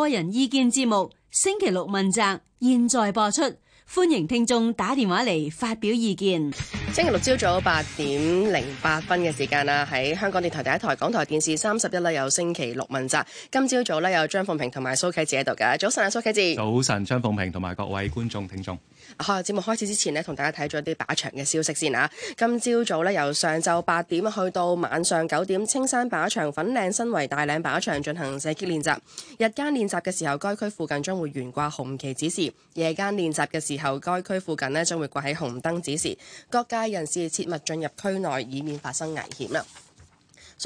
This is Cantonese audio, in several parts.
個人意見節目，星期六問責，現在播出。歡迎聽眾打電話嚟發表意見。星期六朝早八點零八分嘅時間啊，喺香港電台第一台、港台電視三十一咧，有星期六問責。今朝早咧，有張鳳平同埋蘇啟智喺度噶。早晨啊，蘇啟智。早晨，張鳳平同埋各位觀眾聽眾。好、啊，節目開始之前咧，同大家睇咗啲靶場嘅消息先啊。今朝早咧，由上晝八點去到晚上九點，青山靶場、粉嶺新圍大嶺靶場進行射擊練習。日間練習嘅時候，該區附近將會懸掛紅旗指示。夜間練習嘅時，以後，該區附近呢將會掛起紅燈指示，各界人士切勿進入區內，以免發生危險啦。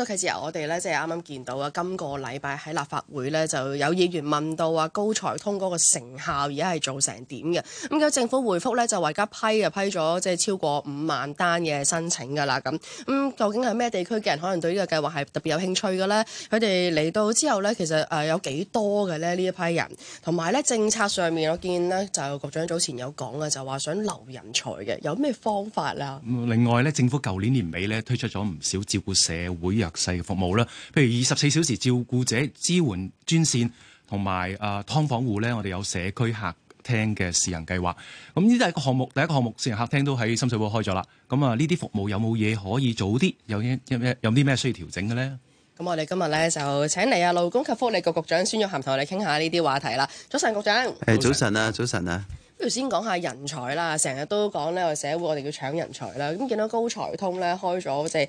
咁跟住由我哋咧，即係啱啱見到啊，今個禮拜喺立法會咧，就有議員問到啊，高才通嗰個成效而家係做成點嘅？咁、嗯、有政府回覆咧，就話而家批嘅批咗即係超過五萬單嘅申請㗎啦。咁、嗯、咁究竟係咩地區嘅人可能對呢個計劃係特別有興趣嘅咧？佢哋嚟到之後咧，其實誒有幾多嘅咧呢一批人？同埋咧政策上面，我見呢，就局長早前有講嘅，就話想留人才嘅，有咩方法啦？另外咧，政府舊年年尾咧推出咗唔少照顧社會人特細嘅服務啦，譬如二十四小時照顧者支援專線，同埋啊劏房戶咧，我哋有社區客廳嘅試行計劃。咁呢都係一個項目，第一個項目試行客廳都喺深水埗開咗啦。咁、嗯、啊呢啲服務有冇嘢可以早啲？有有咩有啲咩需要調整嘅咧？咁我哋今日咧就請嚟啊勞工及福利局局長孫玉菡同我哋傾下呢啲話題啦。早晨，局長。誒，早晨啊，早晨上啊。不如先講下人才啦。成日都講咧，個社會我哋叫搶人才啦。咁見到高才通咧開咗即係誒，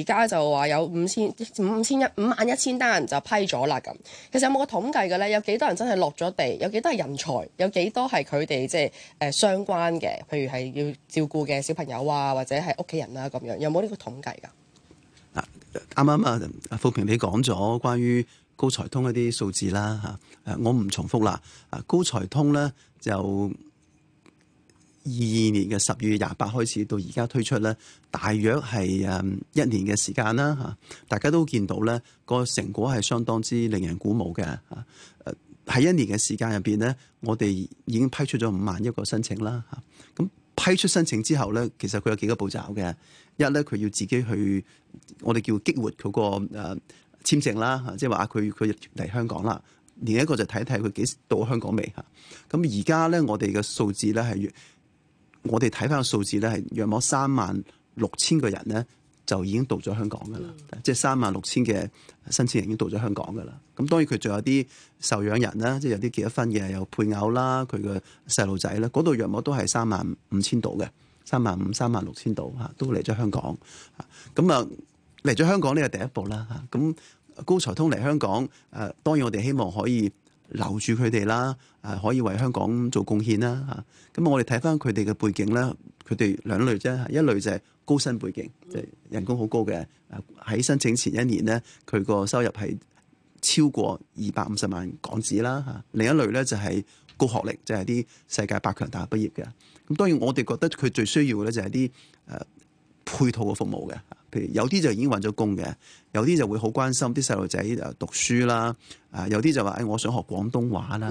而家就話有五千五千一五萬一千單人就批咗啦。咁其實有冇個統計嘅咧？有幾多人真係落咗地？有幾多係人才？有幾多係佢哋即係誒、呃、相關嘅？譬如係要照顧嘅小朋友啊，或者係屋企人啦、啊、咁樣，有冇呢個統計㗎、啊？啊，啱啱啊，富平你講咗關於高才通一啲數字啦嚇誒，我唔重複啦。啊，高才通咧。就二二年嘅十月廿八，開始到而家推出咧，大約係誒一年嘅時間啦嚇。大家都見到咧，個成果係相當之令人鼓舞嘅嚇。誒喺一年嘅時間入邊咧，我哋已經批出咗五萬一個申請啦嚇。咁批出申請之後咧，其實佢有幾個步驟嘅。一咧，佢要自己去，我哋叫激活嗰個誒簽證啦，即係話佢佢嚟香港啦。另一個就睇睇佢幾時到香港未嚇，咁而家咧我哋嘅數字咧係，我哋睇翻個數字咧係約摸三萬六千個人咧就已經到咗香港噶啦，即係三萬六千嘅申請人已經到咗香港噶啦。咁當然佢仲有啲受養人啦，即係有啲結咗婚嘅有配偶啦，佢嘅細路仔啦，嗰度約摸都係三萬五千度嘅，三萬五、三萬六千度，嚇，都嚟咗香港嚇。咁啊嚟咗香港呢個第一步啦嚇，咁。高才通嚟香港，誒當然我哋希望可以留住佢哋啦，誒可以為香港做貢獻啦嚇。咁我哋睇翻佢哋嘅背景咧，佢哋兩類啫，一類就係高薪背景，即係人工好高嘅，喺申請前一年咧，佢個收入係超過二百五十萬港紙啦嚇。另一類咧就係高學歷，就係啲世界百強大學畢業嘅。咁當然我哋覺得佢最需要嘅咧就係啲誒配套嘅服務嘅。如有啲就已經搵咗工嘅，有啲就會好關心啲細路仔誒讀書啦，啊有啲就話誒、哎、我想學廣東話啦，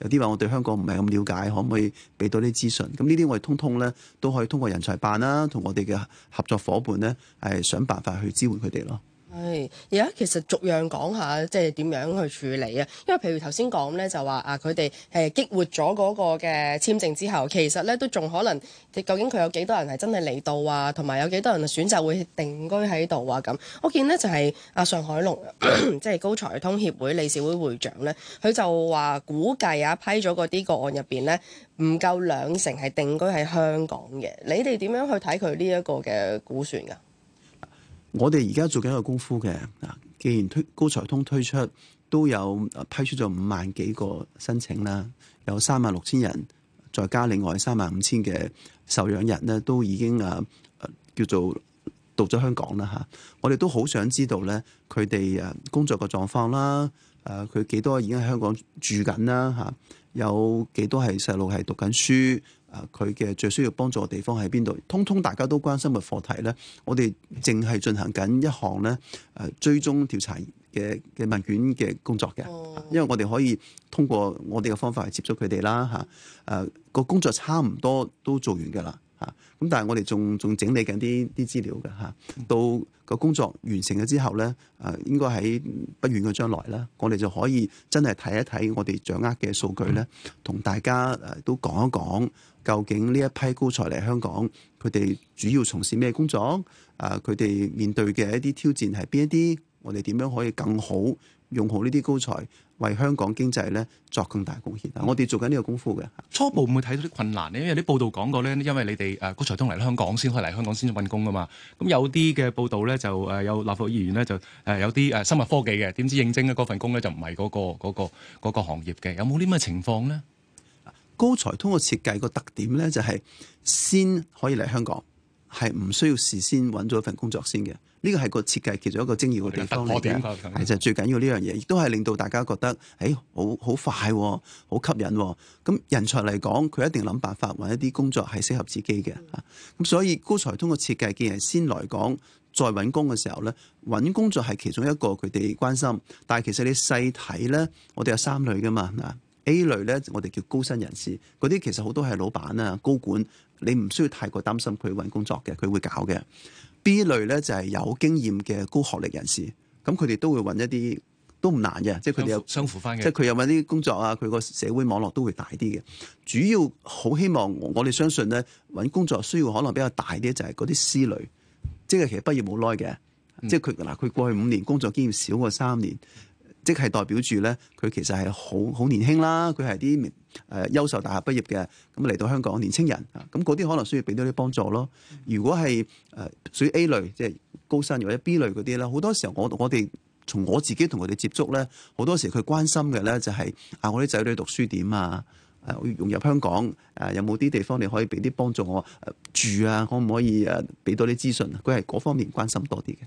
有啲話我對香港唔係咁了解，可唔可以俾到啲資訊？咁呢啲我哋通通咧都可以通過人才辦啦，同我哋嘅合作伙伴咧誒想辦法去支援佢哋咯。係，而家、哎、其實逐樣講下，即係點樣去處理啊？因為譬如頭先講咧，就話啊，佢哋誒激活咗嗰個嘅簽證之後，其實咧都仲可能，究竟佢有幾多人係真係嚟到啊？同埋有幾多人選擇會定居喺度啊？咁我見呢，就係、是、阿上海龍，即係、 就是、高才通協會理事會會、會長咧，佢就話估計啊，批咗嗰啲個案入邊咧，唔夠兩成係定居喺香港嘅。你哋點樣去睇佢呢一個嘅估算㗎、啊？我哋而家做緊一個功夫嘅，嗱，既然推高才通推出，都有批出咗五萬幾個申請啦，有三萬六千人，再加另外三萬五千嘅受養人咧，都已經啊叫做到咗香港啦嚇、啊。我哋都好想知道咧，佢哋啊工作嘅狀況啦，誒佢幾多已經喺香港住緊啦嚇，有幾多係細路係讀緊書。啊！佢嘅最需要幫助嘅地方喺邊度？通通大家都關心嘅課題咧，我哋淨係進行緊一項咧，誒追蹤調查嘅嘅問卷嘅工作嘅。因為我哋可以通過我哋嘅方法去接觸佢哋啦，嚇！誒個工作差唔多都做完㗎啦，嚇！咁但係我哋仲仲整理緊啲啲資料嘅嚇，到。個工作完成咗之後呢，誒應該喺不遠嘅將來啦，我哋就可以真係睇一睇我哋掌握嘅數據呢，同大家誒都講一講，究竟呢一批高才嚟香港，佢哋主要從事咩工作？誒佢哋面對嘅一啲挑戰係邊一啲？我哋點樣可以更好？用好呢啲高才，為香港經濟咧作更大貢獻啊！我哋做緊呢個功夫嘅。初步唔會睇到啲困難咧，因為啲報道講過咧，因為你哋誒高才通嚟香港先可以嚟香港先揾工㗎嘛。咁有啲嘅報道咧就誒有立法議員咧就誒有啲誒生物科技嘅，點知應徵嗰份工咧就唔係嗰個嗰個嗰個嗰個行業嘅，有冇啲咩情況咧？高才通嘅設計個特點咧就係先可以嚟香港。係唔需要事先揾咗份工作先嘅，呢個係個設計其中一個精要嘅地方嚟嘅，其實最緊要呢樣嘢，亦都係令到大家覺得，誒，好好快喎，好吸引喎。咁人才嚟講，佢一定諗辦法揾一啲工作係適合自己嘅。咁所以高才通過設計嘅嘢先嚟港，再揾工嘅時候咧，揾工作係其中一個佢哋關心。但係其實你細睇咧，我哋有三類噶嘛，嗱 A 類咧，我哋叫高薪人士，嗰啲其實好多係老闆啊、高管。你唔需要太過擔心佢揾工作嘅，佢會搞嘅。B 類咧就係、是、有經驗嘅高學歷人士，咁佢哋都會揾一啲都唔難嘅，扶即係佢哋有相輔翻嘅。即係佢又揾啲工作啊，佢個社會網絡都會大啲嘅。主要好希望我哋相信咧揾工作需要可能比較大啲，就係嗰啲 C 類，即係其實畢業冇耐嘅，嗯、即係佢嗱佢過去五年工作經驗少過三年，即係代表住咧佢其實係好好年輕啦，佢係啲。誒優、呃、秀大學畢業嘅，咁嚟到香港年青人啊，咁嗰啲可能需要俾多啲幫助咯。如果係誒屬於 A 類，即係高薪或者 B 類嗰啲咧，好多時候我我哋從我自己同佢哋接觸咧，好多時佢關心嘅咧就係、是、啊我啲仔女讀書點啊，誒、啊、融入香港誒、啊、有冇啲地方你可以俾啲幫助我啊住啊，可唔可以誒、啊、俾多啲資訊？佢係嗰方面關心多啲嘅。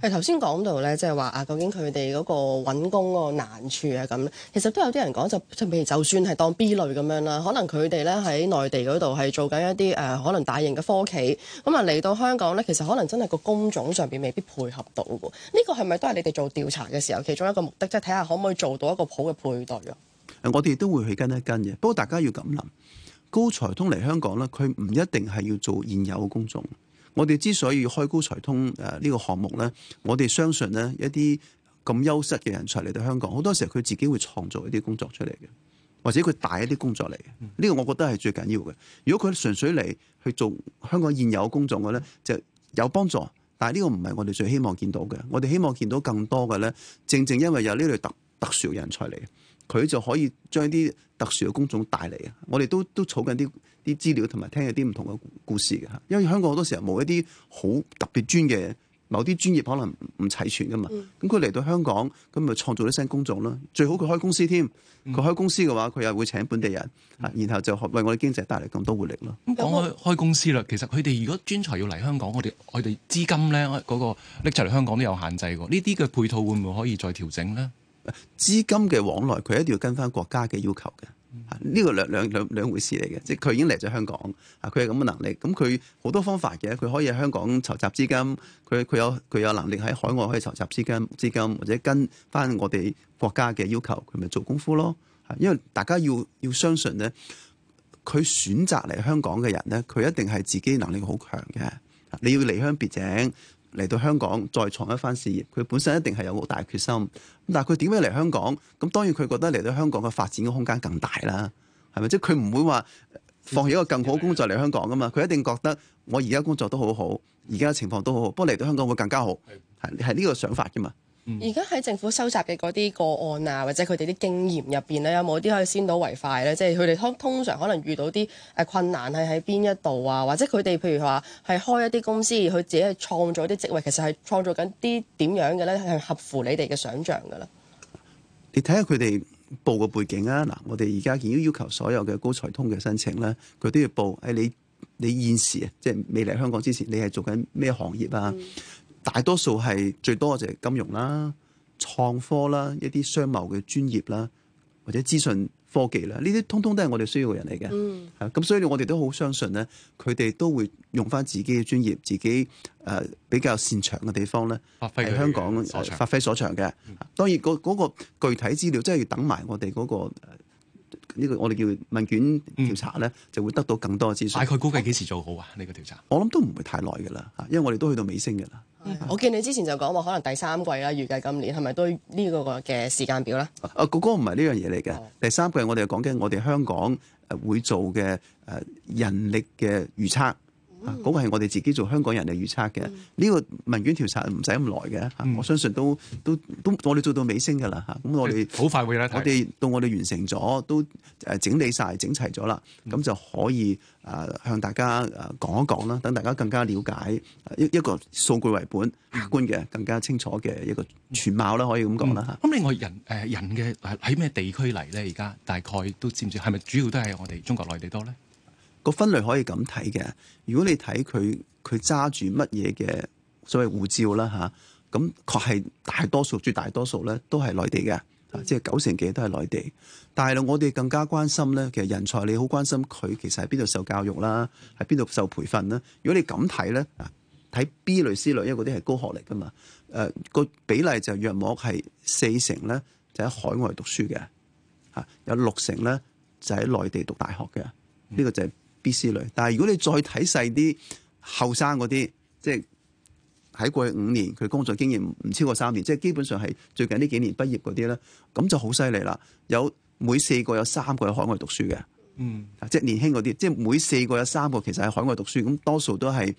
係頭先講到咧，即係話啊，究竟佢哋嗰個揾工嗰個難處啊，咁其實都有啲人講，就譬如就算係當 B 類咁樣啦，可能佢哋咧喺內地嗰度係做緊一啲誒、呃、可能大型嘅科企，咁啊嚟到香港咧，其實可能真係個工種上邊未必配合到嘅。呢、這個係咪都係你哋做調查嘅時候其中一個目的，即係睇下可唔可以做到一個好嘅配對啊？誒，我哋都會去跟一跟嘅，不過大家要咁諗，高才通嚟香港咧，佢唔一定係要做現有嘅工種。我哋之所以開高才通誒呢個項目咧，我哋相信咧一啲咁優質嘅人才嚟到香港，好多時候佢自己會創造一啲工作出嚟嘅，或者佢帶一啲工作嚟嘅，呢個我覺得係最緊要嘅。如果佢純粹嚟去做香港現有工作嘅咧，就有幫助，但係呢個唔係我哋最希望見到嘅。我哋希望見到更多嘅咧，正正因為有呢類特特殊嘅人才嚟，佢就可以將啲特殊嘅工種帶嚟。我哋都都儲緊啲啲資料同埋聽一啲唔同嘅故事嘅嚇，因為香港好多時候冇一啲好特別專嘅某啲專業可能唔齊全噶嘛，咁佢嚟到香港咁咪創造一啲新工作啦。最好佢開公司添，佢開公司嘅話佢又會請本地人嚇，然後就為我哋經濟帶嚟咁多活力咯。咁、嗯、講開開公司啦，其實佢哋如果專才要嚟香港，我哋我哋資金咧嗰、嗰個搦出嚟香港都有限制喎。呢啲嘅配套會唔會可以再調整咧？資金嘅往來佢一定要跟翻國家嘅要求嘅。呢個、嗯、兩兩兩兩回事嚟嘅，即係佢已經嚟咗香港，佢係咁嘅能力，咁佢好多方法嘅，佢可以喺香港籌集資金，佢佢有佢有能力喺海外可以籌集資金，資金或者跟翻我哋國家嘅要求，佢咪做功夫咯。因為大家要要相信咧，佢選擇嚟香港嘅人咧，佢一定係自己能力好強嘅。你要離鄉別井，嚟到香港再創一番事業，佢本身一定係有好大決心。但係佢點樣嚟香港？咁當然佢覺得嚟到香港嘅發展嘅空間更大啦，係咪？即係佢唔會話放棄一個更好工作嚟香港㗎嘛？佢一定覺得我而家工作都好好，而家嘅情況都好好。不過嚟到香港會更加好，係係呢個想法嘅嘛。而家喺政府收集嘅嗰啲個案啊，或者佢哋啲經驗入邊咧，有冇啲可以先睹為快咧？即係佢哋通通常可能遇到啲誒困難係喺邊一度啊，或者佢哋譬如話係開一啲公司，佢自己創造啲職位，其實係創造緊啲點樣嘅咧？係合乎你哋嘅想象噶啦。你睇下佢哋報嘅背景啊！嗱，我哋而家如要求所有嘅高才通嘅申請咧、啊，佢都要報。誒、哎，你你現時即係未嚟香港之前，你係做緊咩行業啊？嗯。大多數係最多嘅就係金融啦、創科啦、一啲商貿嘅專業啦，或者資訊科技啦，呢啲通通都係我哋需要嘅人嚟嘅。嗯，係咁，所以我哋都好相信咧，佢哋都會用翻自己嘅專業，自己誒比較擅長嘅地方咧，發揮香港發揮所長嘅。當然，嗰個具體資料真係要等埋我哋嗰個呢個我哋叫問卷調查咧，就會得到更多嘅資訊。大概估計幾時做好啊？呢個調查我諗都唔會太耐嘅啦，嚇，因為我哋都去到尾聲嘅啦。唉我見你之前就講話，可能第三季啦、啊，預計今年係咪都呢個嘅時間表咧？啊，嗰個唔係呢樣嘢嚟嘅。哦、第三季我哋係講緊我哋香港誒會做嘅誒人力嘅預測。嗱，嗰個係我哋自己做香港人嚟預測嘅，呢個問卷調查唔使咁耐嘅，我相信都都都我哋做到尾聲嘅啦，咁我哋好快會有得睇。我哋到我哋完成咗，都誒整理晒、整齊咗啦，咁就可以誒向大家誒講一講啦，等大家更加了解一一個數據為本、客觀嘅、更加清楚嘅一個全貌啦，可以咁講啦嚇。咁另外人誒人嘅喺咩地區嚟咧？而家大概都知唔知係咪主要都係我哋中國內地多咧？個分類可以咁睇嘅，如果你睇佢佢揸住乜嘢嘅所謂護照啦吓，咁、啊、確係大多數，絕大多數咧都係內地嘅，啊，即、就、係、是、九成幾都係內地。但係我哋更加關心咧，其實人才你好關心佢其實喺邊度受教育啦，喺邊度受培訓啦。如果你咁睇咧，睇、啊、B 類、C 類，因為嗰啲係高學歷噶嘛，誒、啊那個比例就約莫係四成咧，就喺、是、海外讀書嘅，嚇、啊、有六成咧就喺、是、內地讀大學嘅，呢、嗯、個就係、是。B、C 類，但係如果你再睇細啲後生嗰啲，即係喺過去五年佢工作經驗唔超過三年，即係基本上係最近呢幾年畢業嗰啲咧，咁就好犀利啦！有每四個有三個喺海外讀書嘅，嗯，即係年輕嗰啲，即係每四個有三個其實喺海外讀書，咁多數都係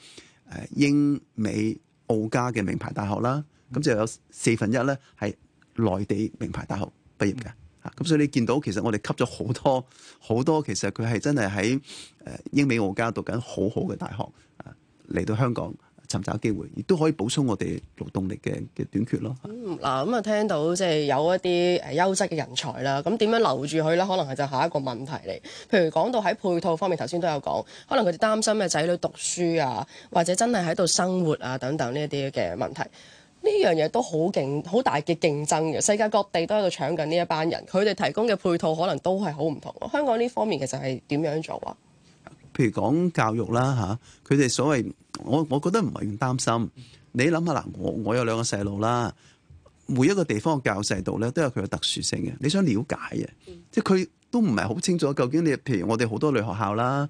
誒英美澳加嘅名牌大學啦，咁就有四分一咧係內地名牌大學畢業嘅。咁、啊、所以你見到其實我哋吸咗好多好多，多其實佢係真係喺誒英美澳加讀緊好好嘅大學，啊嚟到香港尋找機會，亦都可以補充我哋勞動力嘅嘅短缺咯。嗱咁、嗯、啊，聽到即係有一啲誒優質嘅人才啦，咁、啊、點、嗯、樣留住佢咧？可能係就下一個問題嚟。譬如講到喺配套方面，頭先都有講，可能佢哋擔心嘅仔女讀書啊，或者真係喺度生活啊等等呢一啲嘅問題。呢樣嘢都好勁，好大嘅競爭嘅，世界各地都喺度搶緊呢一班人，佢哋提供嘅配套可能都係好唔同。香港呢方面其實係點樣做啊？譬如講教育啦，嚇，佢哋所謂我，我覺得唔係咁擔心。你諗下嗱，我我有兩個細路啦，每一個地方嘅教育制度咧都有佢嘅特殊性嘅。你想了解嘅，即係佢都唔係好清楚。究竟你，譬如我哋好多類學校啦，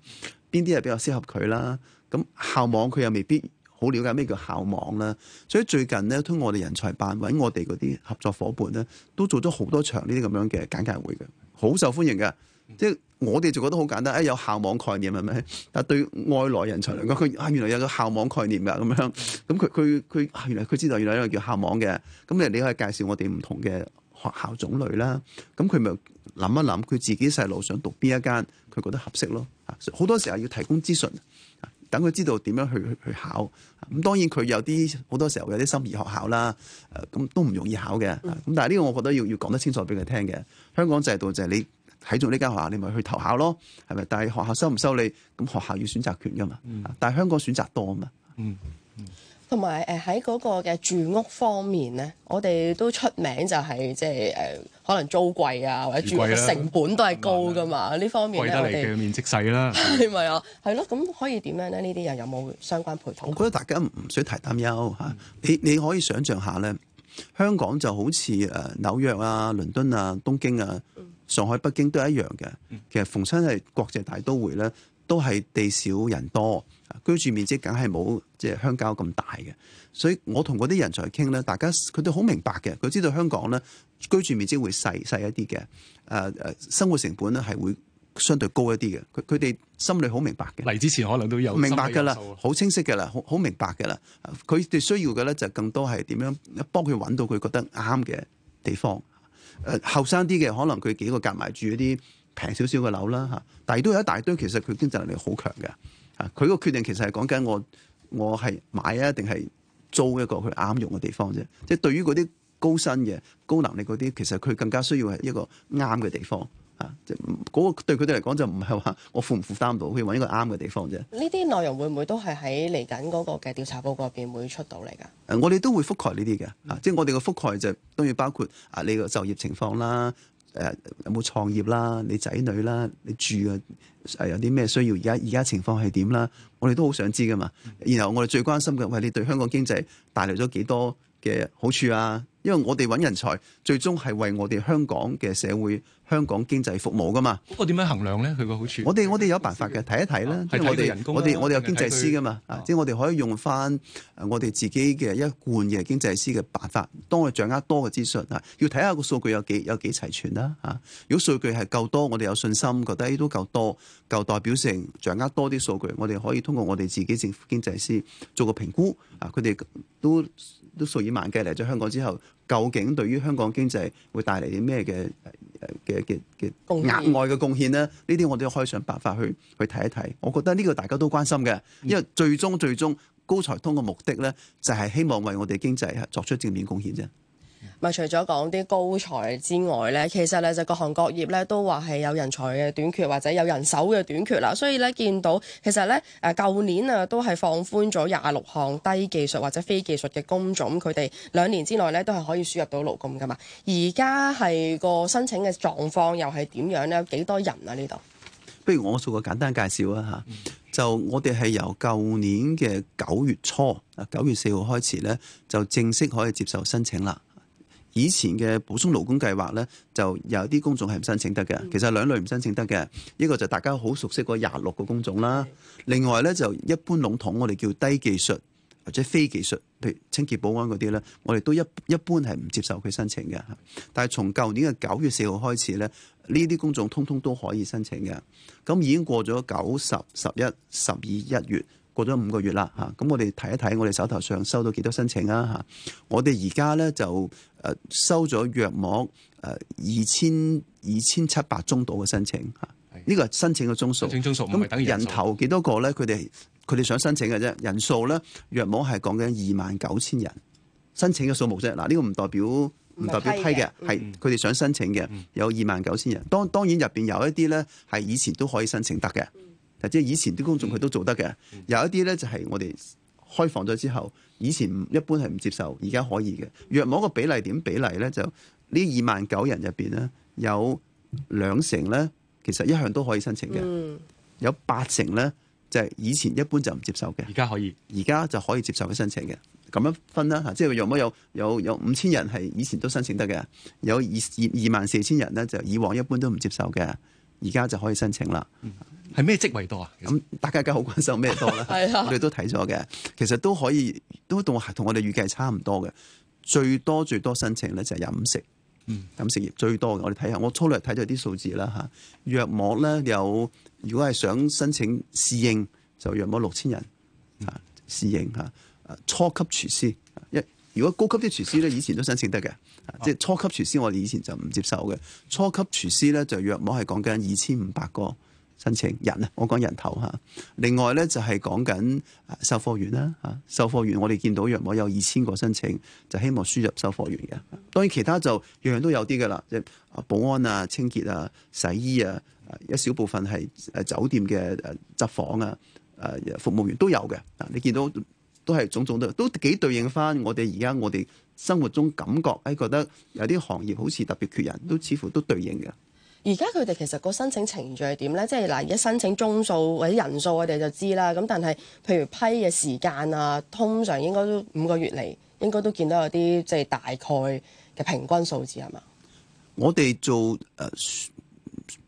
邊啲係比較適合佢啦？咁校網佢又未必。好了解咩叫校網啦，所以最近咧，通過我哋人才辦揾我哋嗰啲合作伙伴咧，都做咗好多場呢啲咁樣嘅簡介會嘅，好受歡迎嘅。即係我哋就覺得好簡單，啊有校網概念係咪？但對外來人才嚟講，佢啊原來有個校網概念㗎，咁樣咁佢佢佢原來佢知道原來有個叫校網嘅，咁你你可以介紹我哋唔同嘅學校種類啦。咁佢咪諗一諗佢自己細路想讀邊一間，佢覺得合適咯。好多時候要提供資訊。等佢知道點樣去去考，咁當然佢有啲好多時候有啲心儀學校啦，咁、呃、都唔容易考嘅。咁但係呢個我覺得要要講得清楚俾佢聽嘅。香港制度就係你睇中呢間學校，你咪去投考咯，係咪？但係學校收唔收你，咁學校要選擇權噶嘛。但係香港選擇多嘛。嗯嗯同埋誒喺嗰個嘅住屋方面咧，我哋都出名就係即係誒，可能租貴啊或者住屋成本都係高㗎嘛呢、嗯、方面咧，貴我哋貴得嚟嘅面積細啦。係咪啊？係咯，咁可以點樣咧？呢啲人有冇相關配套？我覺得大家唔需要太擔憂、嗯、你你可以想象下咧，香港就好似誒紐約啊、倫敦啊、東京啊、上海、北京都係一樣嘅。嗯、其實逢親係國際大都會咧，都係地少人多。居住面積梗係冇，即係鄉郊咁大嘅，所以我同嗰啲人才傾咧，大家佢哋好明白嘅，佢知道香港咧居住面積會細細一啲嘅，誒、呃、誒，生活成本咧係會相對高一啲嘅，佢佢哋心裏好明白嘅。嚟之前可能都有明白噶啦，好清晰噶啦，好好明白噶啦。佢哋需要嘅咧就更多係點樣幫佢揾到佢覺得啱嘅地方。誒、呃，後生啲嘅可能佢幾個夾埋住一啲平少少嘅樓啦吓，但係都有一大堆其實佢經濟能力好強嘅。佢個決定其實係講緊我，我係買啊定係租一個佢啱用嘅地方啫。即係對於嗰啲高薪嘅高能力嗰啲，其實佢更加需要係一個啱嘅地方啊！即係嗰個對佢哋嚟講就唔係話我負唔負擔到，去揾一個啱嘅地方啫。呢啲內容會唔會都係喺嚟緊嗰個嘅調查報告入邊會出到嚟噶？誒、嗯，我哋都會覆蓋呢啲嘅啊，即係我哋嘅覆蓋就當然包括啊呢個就業情況啦。啊誒有冇創業啦？你仔女啦？你住啊？誒有啲咩需要？而家而家情況係點啦？我哋都好想知㗎嘛。然後我哋最關心嘅，係你對香港經濟帶來咗幾多嘅好處啊，因為我哋揾人才，最終係為我哋香港嘅社會香港經濟服務噶嘛。不過點樣衡量咧？佢個好處， 我哋我哋有辦法嘅，睇一睇啦。即係我哋人工、啊，我哋、啊、我哋有經濟師噶嘛啊，即係我哋可以用翻我哋自己嘅一貫嘅經濟師嘅辦法，當我哋掌握多嘅資訊啊，要睇下個數據有幾有幾齊全啦、啊、吓，如果數據係夠多，我哋有信心覺得都夠多夠代表性，掌握多啲數據，我哋可以通過我哋自己政府經濟師做個評估啊。佢哋都。都數以萬計，嚟咗香港之後，究竟對於香港經濟會帶嚟啲咩嘅嘅嘅嘅額外嘅貢獻咧？呢啲我哋都可以想辦法去去睇一睇。我覺得呢個大家都關心嘅，因為最終最終高才通嘅目的咧，就係希望為我哋經濟係作出正面貢獻啫。咪除咗講啲高才之外咧，其實咧就各行各業咧都話係有人才嘅短缺，或者有人手嘅短缺啦。所以咧見到其實咧誒，舊年啊都係放寬咗廿六項低技術或者非技術嘅工種，佢哋兩年之內咧都係可以輸入到勞工噶嘛。而家係個申請嘅狀況又係點樣咧？幾多人啊？呢度不如我做個簡單介紹啦嚇。嗯、就我哋係由舊年嘅九月初啊，九月四號開始咧，就正式可以接受申請啦。以前嘅補充勞工計劃咧，就有啲工種係唔申請得嘅。其實兩類唔申請得嘅，一個就大家好熟悉嗰廿六個工種啦。另外咧就一般籠統，我哋叫低技術或者非技術，譬如清潔保安嗰啲咧，我哋都一一般係唔接受佢申請嘅。但係從舊年嘅九月四號開始咧，呢啲工種通通都可以申請嘅。咁已經過咗九十、十一、十二、一月。過咗五個月啦，嚇、啊！咁我哋睇一睇，我哋手頭上收到幾多申請啊？嚇、啊！我哋而家咧就誒、呃、收咗約莫誒二千二千七百宗度嘅申請，嚇、啊！呢個係申請嘅宗數。咁等於人，人頭幾多個咧？佢哋佢哋想申請嘅啫，人數咧，約莫係講緊二萬九千人申請嘅數目啫。嗱、啊，呢、這個唔代表唔代表批嘅，係佢哋想申請嘅，有二萬九千人。當然當然入邊有一啲咧係以前都可以申請得嘅。即係以前啲公眾佢都做得嘅，嗯、有一啲咧就係、是、我哋開放咗之後，以前一般係唔接受，而家可以嘅。若冇一個比例點比例咧，就 29, 呢二萬九人入邊咧，有兩成咧，其實一向都可以申請嘅。嗯、有八成咧，就係、是、以前一般就唔接受嘅，而家可以，而家就可以接受申請嘅。咁樣分啦嚇，即係若冇有有有五千人係以前都申請得嘅，有二二二萬四千人咧就以往一般都唔接受嘅，而家就可以申請啦。嗯係咩職位多啊？咁大家梗係好關心咩多啦？ 我哋都睇咗嘅，其實都可以都同同我哋預計差唔多嘅。最多最多申請咧就係飲食，飲食業最多嘅。我哋睇下，我粗略睇咗啲數字啦嚇。約莫咧有，如果係想申請侍應，就約莫六千人啊。侍應嚇，初級廚師一，如果高級啲廚師咧，以前都申請得嘅。即係初級廚師，我哋以前就唔接受嘅。初級廚師咧就約莫係講緊二千五百個。申請人啊，我講人頭嚇、啊。另外咧就係講緊售貨員啦嚇，售、啊、貨員我哋見到若我有二千個申請，就希望輸入售貨員嘅，啊。當然其他就樣樣都有啲嘅啦，即、啊、係保安啊、清潔啊、洗衣啊，一小部分係誒酒店嘅執房啊、誒、啊、服務員都有嘅，啊。你見到都係種種都都幾對應翻我哋而家我哋生活中感覺誒、啊、覺得有啲行業好似特別缺人，都似乎都對應嘅。而家佢哋其實個申請程序係點咧？即係嗱，而家申請宗數或者人數我哋就知啦。咁但係，譬如批嘅時間啊，通常應該都五個月嚟，應該都見到有啲即係大概嘅平均數字係嘛？我哋做誒、呃、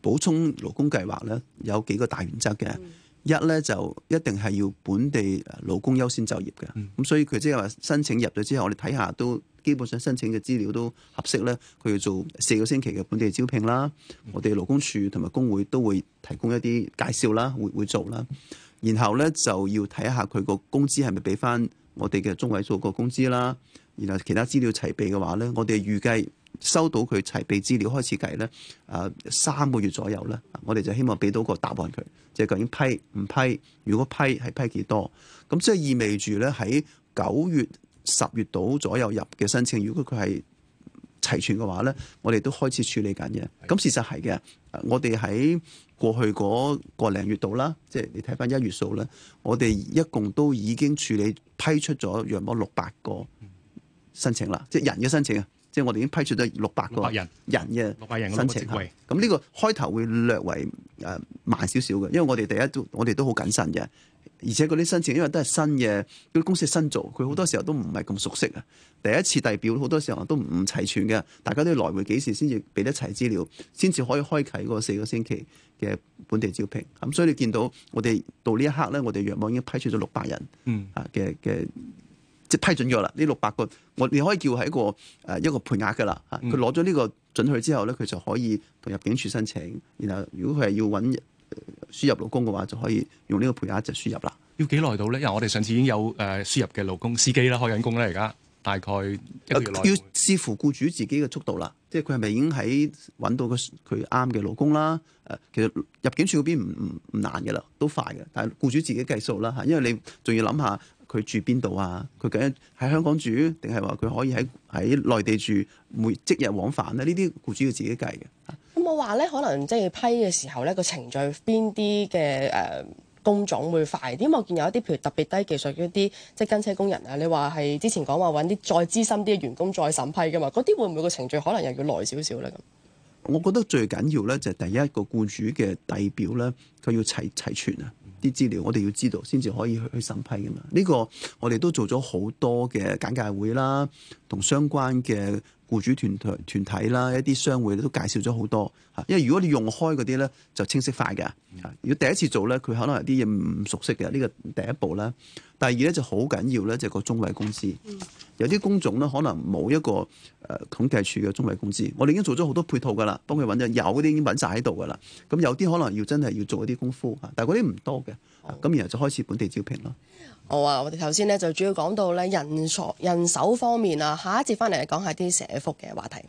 補充勞工計劃咧，有幾個大原則嘅。嗯、一咧就一定係要本地勞工優先就業嘅。咁、嗯、所以佢即係話申請入咗之後，我哋睇下都。基本上申請嘅資料都合適呢，佢要做四個星期嘅本地招聘啦。我哋勞工處同埋工會都會提供一啲介紹啦，會會做啦。然後呢，就要睇下佢個工資係咪俾翻我哋嘅中位數個工資啦。然後其他資料齊備嘅話呢，我哋預計收到佢齊備資料開始計呢，誒三個月左右呢，我哋就希望俾到個答案佢，即係究竟批唔批？如果批係批幾多？咁即係意味住呢喺九月十月度左右入嘅申請，如果佢係齊全嘅話咧，嗯、我哋都開始處理緊嘅。咁的事實係嘅，我哋喺過去嗰個零月度啦，即、就、係、是、你睇翻一月數咧，我哋一共都已經處理批出咗約莫六百個申請啦，即係人嘅申請啊，即係我哋已經批出咗六百個人嘅六百人嘅申請。咁呢個，個開頭會略為誒慢少少嘅，因為我哋第一我都我哋都好謹慎嘅。而且嗰啲申請，因為都係新嘅，啲公司新做，佢好多時候都唔係咁熟悉啊。第一次遞表，好多時候都唔齊全嘅，大家都要來回幾次先至俾得齊資料，先至可以開啓嗰四個星期嘅本地招聘。咁所以你見到我哋到呢一刻呢，我哋約莫已經批出咗六百人，嘅嘅、嗯、即批准咗啦。呢六百個，我你可以叫係一個誒一個配額噶啦。佢攞咗呢個準許之後呢，佢就可以同入境處申請。然後如果佢係要揾。輸入勞工嘅話，就可以用呢個配額就輸入啦。要幾耐到咧？因為我哋上次已經有誒輸入嘅勞工司機啦，開緊工咧，而家大概要視、呃、乎僱主自己嘅速度啦。即係佢係咪已經喺揾到個佢啱嘅勞工啦？誒、呃，其實入境處嗰邊唔唔唔難嘅啦，都快嘅。但係僱主自己計數啦吓，因為你仲要諗下佢住邊度啊？佢梗喺香港住，定係話佢可以喺喺內地住每，每即日往返咧？呢啲僱主要自己計嘅。我話咧，可能即係批嘅時候咧，個程序邊啲嘅誒工種會快啲？因為我見有一啲譬如特別低技術嗰啲，即係跟車工人啊。你話係之前講話搵啲再資深啲嘅員工再審批噶嘛？嗰啲會唔會個程序可能又要耐少少咧？咁我覺得最緊要咧，就係第一個雇主嘅代表咧，佢要齊齊全啊，啲資料我哋要知道，先至可以去去審批噶嘛。呢個我哋都做咗好多嘅簡介會啦，同相關嘅。雇主團團團體啦，一啲商會都介紹咗好多嚇，因為如果你用開嗰啲咧，就清晰快嘅。如果第一次做咧，佢可能有啲嘢唔熟悉嘅，呢個第一步咧。第二咧就好緊要咧，就、就是個中位工資。有啲工種咧可能冇一個誒統計處嘅中位工資。我哋已經做咗好多配套噶啦，幫佢揾咗，有啲已經揾晒喺度噶啦。咁有啲可能要真係要做一啲功夫嚇，但係嗰啲唔多嘅。咁、哦啊、然後就開始本地招聘咯。好啊、哦，我哋頭先咧就主要講到咧人才人手方面啊，下一節翻嚟講下啲社福嘅話題。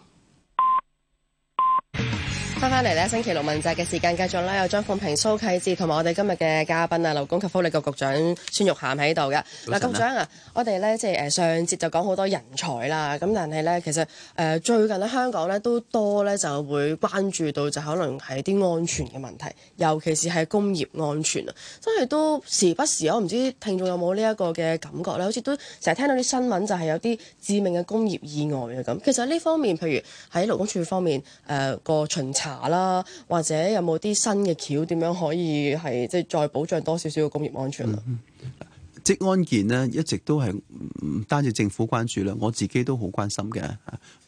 翻返嚟咧，星期六問責嘅時間繼續啦，有張鳳平、蘇啟智同埋我哋今日嘅嘉賓啊，勞工及福利局局，局長孫玉菡喺度嘅。嗱、啊，局，局長啊，我哋咧即係誒上節就講好多人才啦，咁但係咧其實誒、呃、最近咧香港咧都多咧就會關注到就可能係啲安全嘅問題，尤其是係工業安全啊，真係都時不時我唔知聽眾有冇呢一個嘅感覺咧，好似都成日聽到啲新聞就係有啲致命嘅工業意外啊咁。其實呢方面，譬如喺勞工處方面誒個巡。呃呃查啦，或者有冇啲新嘅橋，點樣可以係即係再保障多少少嘅工業安全啦？職、嗯、安健咧一直都係唔單止政府關注啦，我自己都好關心嘅。誒、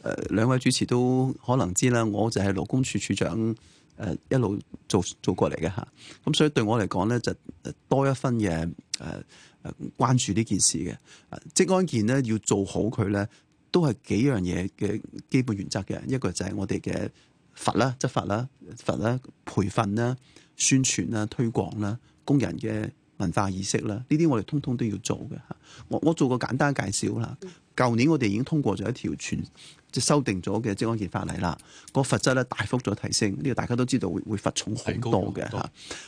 呃，兩位主持都可能知啦，我就係勞工處處長，誒、呃、一路做做過嚟嘅嚇。咁、啊、所以對我嚟講咧，就多一分嘅誒誒關注呢件事嘅職、呃、安健咧，要做好佢咧，都係幾樣嘢嘅基本原則嘅。一個就係我哋嘅。罰啦，執法啦，罰啦，培訓啦，宣傳啦，推廣啦，工人嘅。.文化意識啦，呢啲我哋通通都要做嘅嚇。我我做個簡單介紹啦。舊年我哋已經通過咗一條全即係修訂咗嘅《職安健法例》啦、那，個罰則咧大幅咗提升，呢、這個大家都知道會會罰重好多嘅嚇。誒、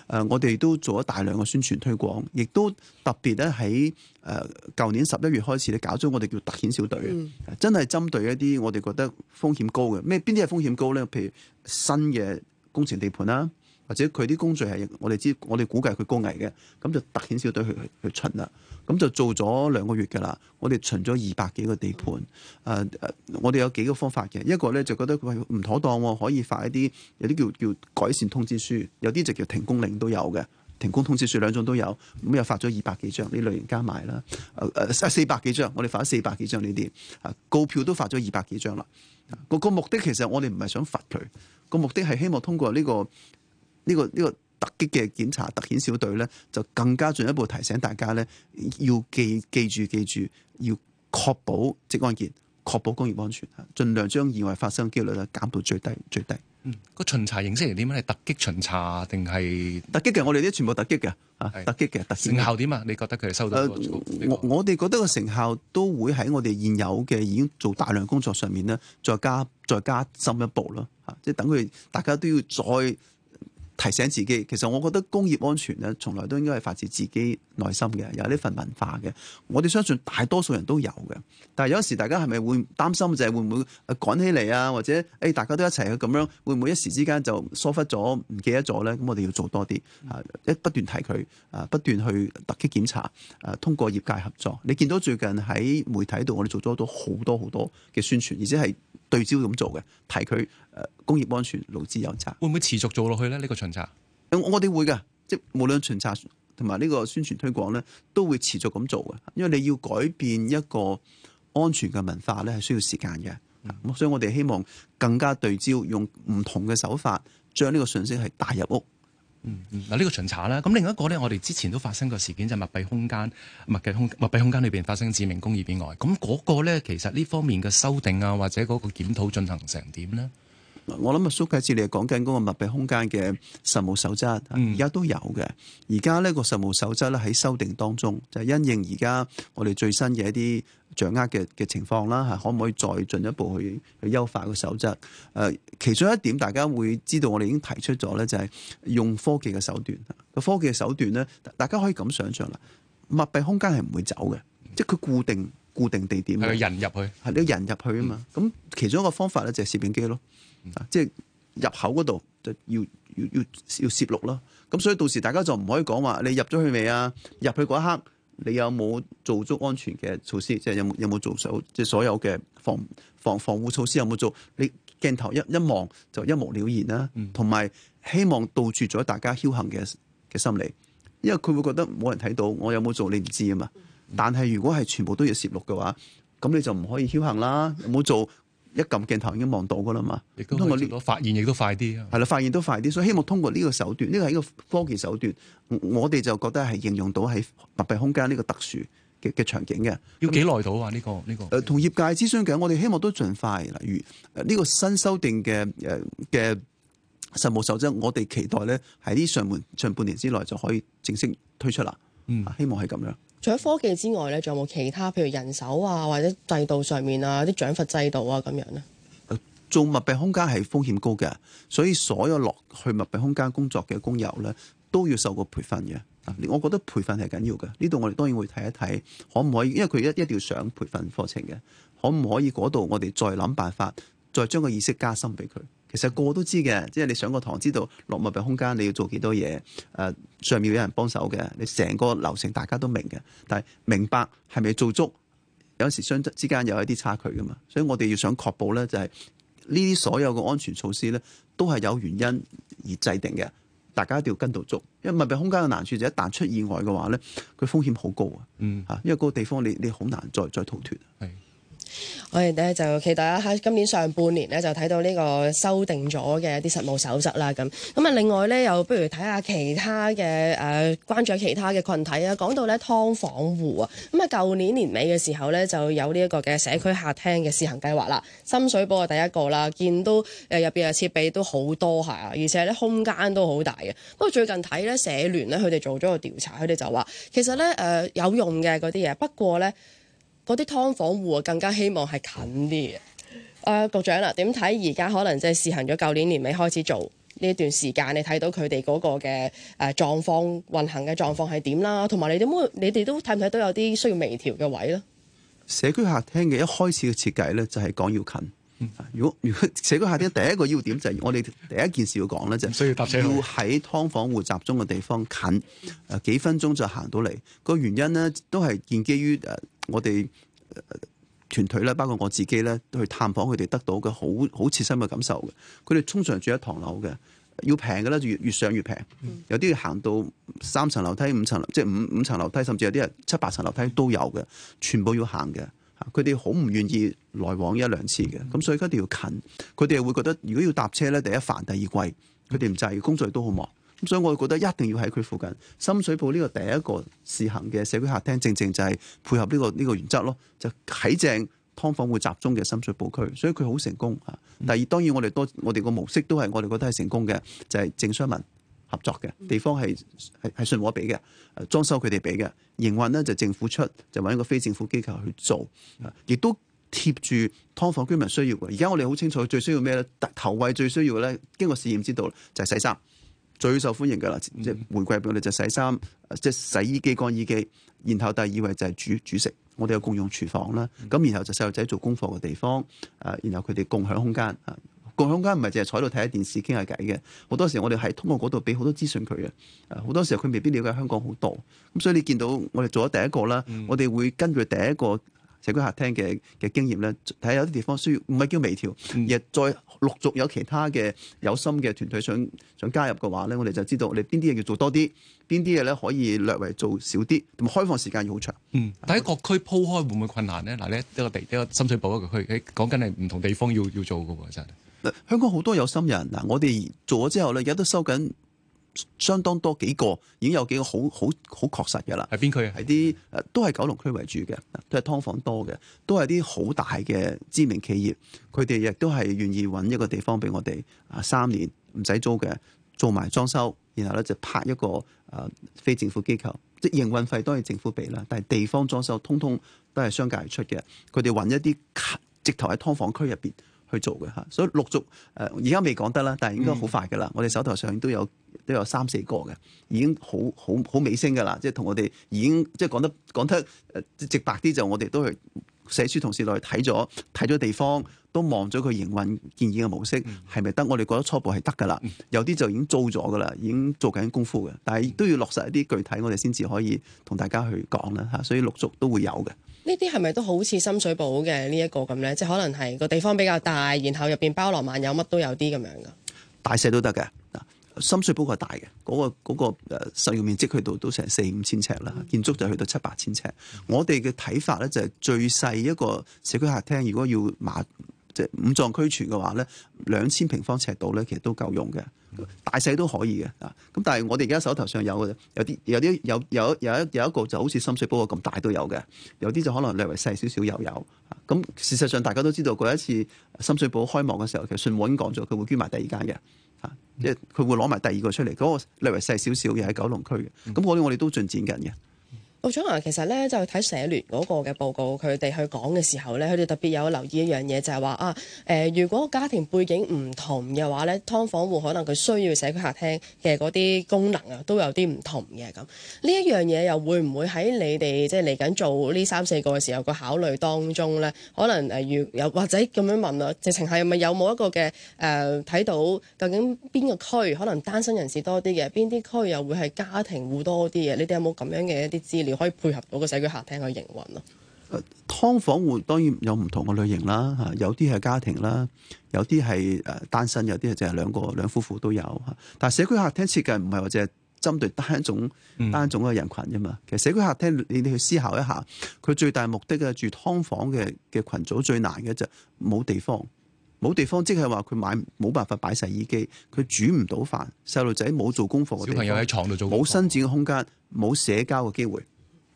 啊，我哋都做咗大量嘅宣傳推廣，亦都特別咧喺誒舊年十一月開始咧搞咗我哋叫特遣小隊、嗯、真係針對一啲我哋覺得風險高嘅咩？邊啲係風險高咧？譬如新嘅工程地盤啦。或者佢啲工序係我哋知，我哋估計佢高危嘅，咁就特遣小隊去去巡啦。咁就做咗兩個月㗎啦。我哋巡咗二百幾個地盤。誒、呃，我哋有幾個方法嘅。一個咧就覺得佢唔妥當，可以發一啲有啲叫叫改善通知書，有啲就叫停工令都有嘅，停工通知書兩種都有。咁又發咗二百幾張呢類型加埋啦，誒、呃、誒四百幾張，我哋發咗四百幾張呢啲。啊，告票都發咗二百幾張啦。個、個目的其實我哋唔係想罰佢，個目的係希望通過呢、呢個。呢、這個呢、這個突擊嘅檢查，突顯小隊咧，就更加進一步提醒大家咧，要記記住記住，要確保職安健，確保工業安全，啊，盡量將意外發生嘅機率咧減到最低最低。嗯，個巡查形式係點咧？突擊巡查定係？突擊嘅，我哋啲全部突擊嘅，嚇是，突擊嘅突顯。成效點啊？你覺得佢收到？我我哋覺得個成效都會喺我哋現有嘅已經做大量工作上面咧，再加再加深一步咯，嚇，即係等佢大家都要再。提醒自己，其實我覺得工業安全咧，從來都應該係發自自己內心嘅，有呢份文化嘅。我哋相信大多數人都有嘅，但係有時大家係咪會擔心就係會唔會趕起嚟啊？或者誒、哎，大家都一齊咁樣，會唔會一時之間就疏忽咗、唔記得咗咧？咁我哋要做多啲啊，一不斷提佢啊，不斷去突擊檢查啊，通過業界合作。你見到最近喺媒體度，我哋做咗都好多好多嘅宣傳，而且係對焦咁做嘅，提佢。工業安全勞資有責，會唔會持續做落去咧？呢、這個巡查，嗯、我哋會嘅，即係無論巡查同埋呢個宣傳推廣咧，都會持續咁做嘅。因為你要改變一個安全嘅文化咧，係需要時間嘅。咁、嗯、所以我哋希望更加對焦，用唔同嘅手法，將呢個信息係帶入屋。嗯，嗱呢個巡查啦，咁另一個咧，我哋之前都發生過事件就係密閉空間、密嘅空間、密閉空間裏邊發生致命工業意外。咁嗰個咧，其實呢方面嘅修訂啊，或者嗰個檢討進行成點咧？我諗啊蘇啟智，你係講緊嗰個密閉空間嘅實務守則，而家都有嘅。而家呢個實務守則咧喺修訂當中，就因應而家我哋最新嘅一啲掌握嘅嘅情況啦，係可唔可以再進一步去去優化個守則？誒，其中一點大家會知道，我哋已經提出咗咧，就係用科技嘅手段。個科技嘅手段咧，大家可以咁想象啦，密閉空間係唔會走嘅，即係佢固定。固定地點係人入去，係你人入去啊嘛。咁、嗯、其中一個方法咧就係攝影機咯，嗯、即係入口嗰度就要要要要攝錄咯。咁所以到時大家就唔可以講話你入咗去未啊？入去嗰一刻你有冇做足安全嘅措施？即係有冇有冇做手？即係所有嘅防，防防防護措施有冇做？你鏡頭一一望就一目了然啦，啊。同埋，嗯、希望杜絕咗大家僥幸嘅嘅心理，因為佢會覺得冇人睇到我有冇做，你唔知啊嘛。但係如果係全部都要攝錄嘅話，咁你就唔可以僥倖啦！唔好 做一撳鏡頭已經望到噶啦嘛。通過呢個發現，亦都快啲。係啦，發現都快啲，所以希望通過呢個手段，呢、呢個係一個科技手段。我哋就覺得係應用到喺密閉空間呢個特殊嘅嘅場景嘅。要幾耐到啊？呢個呢個？誒、呢個，同、呃、業界諮詢緊，我哋希望都盡快。例如呢個新修訂嘅誒嘅實務守則，我哋期待咧喺呢上門上半年之內就可以正式推出啦。嗯，希望係咁樣。除咗科技之外咧，仲有冇其他，譬如人手啊，或者制度上面啊，啲獎罰制度啊，咁樣咧？做密閉空間係風險高嘅，所以所有落去密閉空間工作嘅工友咧，都要受過培訓嘅。啊，我覺得培訓係緊要嘅。呢度，我哋當然會睇一睇，可唔可以？因為佢一一定要上培訓課程嘅，可唔可以嗰度我哋再諗辦法，再將個意識加深俾佢。其實個個都知嘅，即係你上個堂知道落密閉空間你要做幾多嘢，誒、呃、上面要有人幫手嘅，你成個流程大家都明嘅。但係明白係咪做足，有時相之間有一啲差距㗎嘛，所以我哋要想確保咧、就係，就係呢啲所有嘅安全措施咧，都係有原因而制定嘅。大家一定要跟到足，因為密閉空間嘅難處就係一旦出意外嘅話咧，佢風險好高啊。嗯嚇，因為嗰個地方你你好難再再逃脱。係。我哋咧就期待一、啊、下今年上半年咧就睇到呢個修訂咗嘅一啲實務守則啦。咁咁啊，另外咧又不如睇下其他嘅，誒、呃、關注其他嘅群體啊，講到咧劏房戶啊，咁啊舊年年尾嘅時候咧就有呢一個嘅社區客廳嘅試行計劃啦，深水埗啊第一個啦，見到誒入邊嘅設備都好多下，而且咧空間都好大嘅。不過最近睇咧社聯咧佢哋做咗個調查，佢哋就話其實咧誒、呃、有用嘅嗰啲嘢，不過咧。嗰啲劏房戶啊，更加希望係近啲嘅，呃。局長啦，點睇而家可能即係試行咗？舊年年尾開始做呢一段時間你，呃你，你睇到佢哋嗰個嘅誒狀況運行嘅狀況係點啦？同埋你點？你哋都睇唔睇到有啲需要微調嘅位咧？社區客廳嘅一開始嘅設計咧，就係講要近、嗯如。如果社區客廳第一個要點就係我哋第一件事要講咧，就係要喺劏房戶集中嘅地方近，誒、呃、幾分鐘就行到嚟。個原因呢，都係建基於誒。呃我哋團體咧，包括我自己咧，去探訪佢哋得到嘅好好切身嘅感受嘅。佢哋通常住一幢樓嘅，要平嘅咧，越越上越平。有啲要行到三層樓梯、五層即係五五層樓梯，甚至有啲係七八層樓梯都有嘅，全部要行嘅。佢哋好唔願意來往一兩次嘅，咁所以佢哋要近。佢哋會覺得如果要搭車咧，第一煩，第二貴，佢哋唔制，工作亦都好忙。所以我哋覺得一定要喺佢附近，深水埗呢個第一個試行嘅社區客廳，正正就係配合呢、呢個呢、呢個原則咯，就喺正劏房會集中嘅深水埗區，所以佢好成功嚇。第二，當然我哋多我哋個模式都係我哋覺得係成功嘅，就係、係、政商民合作嘅地方係係係信和俾嘅裝修，佢哋俾嘅營運咧就政府出，就揾一個非政府機構去做，亦都貼住劏房居民需要嘅。而家我哋好清楚最需要咩咧？頭位最需要咧，經過試驗知道就係洗衫。最受歡迎嘅啦，即玫瑰俾我哋就洗衫，即洗衣機、乾衣機。然後第二位就係煮煮食，我哋有共用廚房啦。咁然後就細路仔做功課嘅地方，啊，然後佢哋共享空間。共享空間唔係淨係坐度睇下電視傾下偈嘅，好多時我哋係通過嗰度俾好多資訊佢嘅。啊，好多時候佢未必了解香港好多，咁所以你見到我哋做咗第一個啦，我哋會跟住第一個。嗯社區客廳嘅嘅經驗咧，睇下有啲地方需要，唔係叫微調，而係再陸續有其他嘅有心嘅團隊想想加入嘅話咧，我哋就知道你邊啲嘢要做多啲，邊啲嘢咧可以略為做少啲，同埋開放時間要好長。嗯，但係各區鋪開會唔會困難咧？嗱，呢一個地，一個深水埗一個區，誒，講緊係唔同地方要要做嘅喎，真係。香港好多有心人嗱，我哋做咗之後咧，而家都收緊。相當多幾個已經有幾個好好好確實嘅啦，喺邊區啊？喺啲都係九龍區為主嘅，都係劏房多嘅，都係啲好大嘅知名企業，佢哋亦都係願意揾一個地方俾我哋啊三年唔使租嘅，做埋裝修，然後呢就拍一個誒、呃、非政府機構，即營運費都係政府俾啦，但係地方裝修通通都係商界出嘅，佢哋揾一啲直頭喺劏房區入邊。去做嘅嚇，所以陸續誒而家未講得啦，但係應該好快嘅啦。我哋手頭上都有都有三四個嘅，已經好好好尾聲嘅啦。即係同我哋已經即係講得講得直白啲，就我哋都係寫書同事落去睇咗睇咗地方，都望咗佢營運建議嘅模式係咪得？我哋覺得初步係得㗎啦，有啲就已經做咗㗎啦，已經做緊功夫嘅。但係都要落實一啲具體，我哋先至可以同大家去講啦嚇。所以陸續都會有嘅。呢啲係咪都好似深水埗嘅呢一個咁咧？即係可能係個地方比較大，然後入邊包羅萬有，乜都有啲咁樣噶。大細都得嘅。嗱，深水埗大、嗰個大嘅嗰個嗰個誒使用面積去到都成四五千尺啦，建築就去到七八千尺。嗯、我哋嘅睇法咧就係最細一個社區客廳，如果要馬即係、就是、五臟俱全嘅話咧，兩千平方尺度咧其實都夠用嘅。大細都可以嘅，啊，咁但係我哋而家手頭上有嘅，有啲有啲有有有一有一個就好似深水埗咁大都有嘅，有啲就可能略為細少少又有，咁、啊啊、事實上大家都知道嗰一次深水埗開幕嘅時候，其實信和已經講咗佢會捐埋第二間嘅，啊，即係佢會攞埋第二個出嚟，嗰、嗰個略為細少少嘅喺九龍區嘅，咁嗰啲我哋都進展緊嘅。局長啊，其實咧就睇社聯嗰個嘅報告，佢哋去講嘅時候咧，佢哋特別有留意一樣嘢，就係、是、話啊，誒、呃，如果家庭背景唔同嘅話咧，劏房戶可能佢需要社區客廳嘅嗰啲功能啊，都有啲唔同嘅咁。呢一樣嘢又會唔會喺你哋即係嚟緊做呢三四個嘅時候個考慮當中咧？可能誒，如、呃、有或者咁樣問啊，直情係咪有冇一個嘅誒睇到究竟邊個區可能單身人士多啲嘅，邊啲區又會係家庭戶多啲嘅？你哋有冇咁樣嘅一啲資料？可以配合到個社區客廳去營運咯。劏房當然有唔同嘅類型啦，吓，有啲係家庭啦，有啲係單身，有啲係兩個兩夫婦都有，吓。但係社區客廳設計唔係或者係針對單一種，單一種嘅人群啫嘛。其實社區客廳你哋去思考一下，佢最大目的嘅住劏房嘅群組，最難嘅就冇地方，冇地方即係話佢買，冇辦法擺洗衣機，佢煮唔到飯，細路仔冇做功課，啲朋友喺床度做，冇伸展嘅空間，冇社交嘅機會。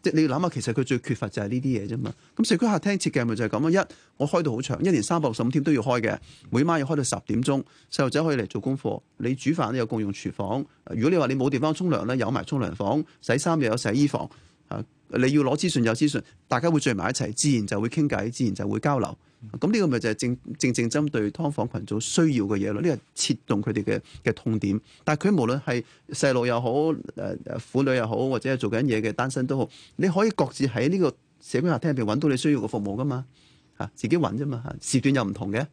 即你要諗下，其實佢最缺乏就係呢啲嘢啫嘛。咁社區客廳設計咪就係咁咯。一我開到好長，一年三百六十五天都要開嘅，每晚要開到十點鐘，細路仔可以嚟做功課。你煮飯都有共用廚房。如果你話你冇地方沖涼咧，有埋沖涼房，洗衫又有洗衣房。嚇，你要攞資訊有資訊，大家會聚埋一齊，自然就會傾偈，自然就會交流。咁呢個咪就係正正正針對㓥房群組需要嘅嘢咯，呢個係切中佢哋嘅嘅痛點。但係佢無論係細路又好，誒、呃、婦女又好，或者係做緊嘢嘅單身都好，你可以各自喺呢個社區客廳入邊揾到你需要嘅服務噶嘛，嚇、啊、自己揾啫嘛、啊，時段又唔同嘅。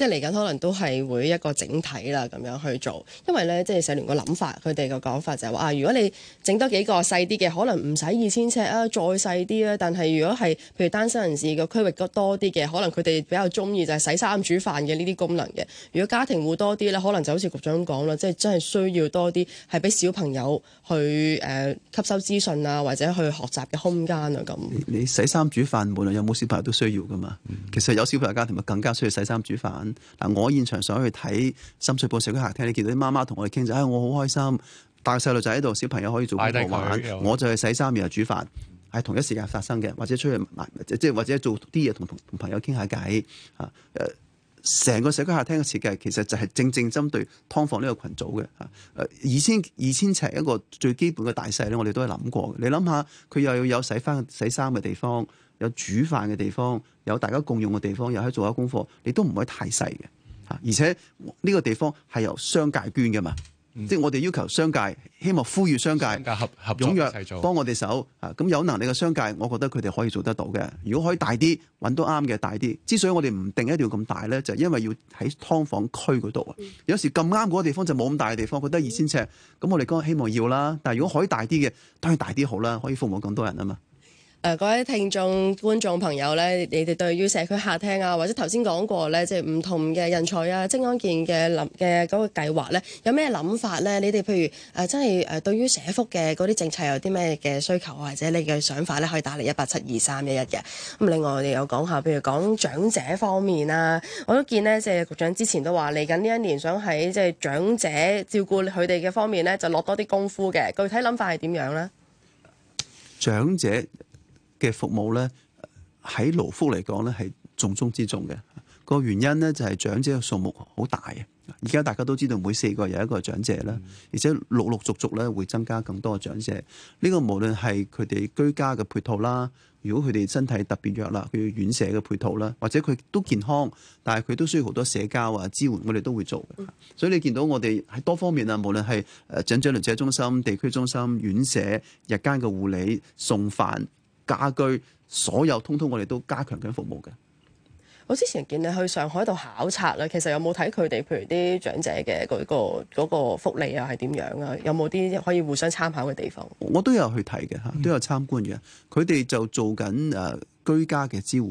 即係嚟緊，可能都係會一個整體啦，咁樣去做。因為咧，即係社聯個諗法，佢哋個講法就係話啊：如果你整多幾個細啲嘅，可能唔使二千尺啊，再細啲啦。但係如果係譬如單身人士個區域多啲嘅，可能佢哋比較中意就係洗衫煮飯嘅呢啲功能嘅。如果家庭戶多啲咧，可能就好似局長講啦，即係真係需要多啲係俾小朋友去誒、呃、吸收資訊啊，或者去學習嘅空間啊，咁。你洗衫煮飯，無論有冇小朋友都需要噶嘛。其實有小朋友家庭咪更加需要洗衫煮飯。嗱，我現場想去睇深水埗社區客廳，你見到啲媽媽同我哋傾就，唉、哎，我好開心，大細路仔喺度，小朋友可以做玩具玩，我就係洗衫又煮飯，係同一時間發生嘅，或者出去，即係或者做啲嘢同同朋友傾下偈啊，誒，成個社區客廳嘅設計其實就係正正針對劏房呢個群組嘅嚇，誒，二千二千尺一個最基本嘅大細咧，我哋都係諗過嘅。你諗下，佢又要有洗翻洗衫嘅地方。有煮飯嘅地方，有大家共用嘅地方，又可以做下功課，你都唔可以太細嘅嚇。而且呢個地方係由商界捐嘅嘛，嗯、即係我哋要求商界希望呼籲商界，商合合踴躍幫我哋手嚇。咁有能力嘅商界，我覺得佢哋可以做得到嘅。如果可以大啲，揾到啱嘅大啲。之所以我哋唔定一定要咁大咧，就係、是、因為要喺劏房區嗰度啊。嗯、有時咁啱嗰個地方就冇咁大嘅地方，覺得二千尺咁，我哋都希望要啦。但係如果可以大啲嘅，當然大啲好啦，可以服務更多人啊嘛。誒、呃、各位聽眾、觀眾朋友咧，你哋對於社區客廳啊，或者頭先講過咧，即係唔同嘅人才啊，精安健嘅諗嘅嗰個計劃咧，有咩諗法咧？你哋譬如誒、呃，真係誒、呃、對於社福嘅嗰啲政策有啲咩嘅需求啊，或者你嘅想法咧，可以打嚟一八七二三一一嘅。咁另外我哋有講下，譬如講長者方面啊，我都見呢，即係局長之前都話嚟緊呢一年想喺即係長者照顧佢哋嘅方面咧，就落多啲功夫嘅。具體諗法係點樣咧？長者。嘅服務咧，喺勞福嚟講咧係重中之重嘅個原因咧，就係、是、長者嘅數目好大啊！而家大家都知道每四個有一個長者啦，嗯、而且陸陸續續咧會增加更多嘅長者。呢、這個無論係佢哋居家嘅配套啦，如果佢哋身體特別弱啦，佢要院舍嘅配套啦，或者佢都健康，但係佢都需要好多社交啊支援，我哋都會做。嗯、所以你見到我哋喺多方面啊，無論係誒長者鄰舍中心、地區中心、院舍、日間嘅護理、送飯。家居所有通通我哋都加強緊服務嘅。我之前見你去上海度考察啦，其實有冇睇佢哋，譬如啲長者嘅嗰個嗰個福利啊，係點樣啊？有冇啲可以互相參考嘅地方？我都有去睇嘅嚇，都有參觀嘅。佢哋，嗯、就做緊誒居家嘅支援。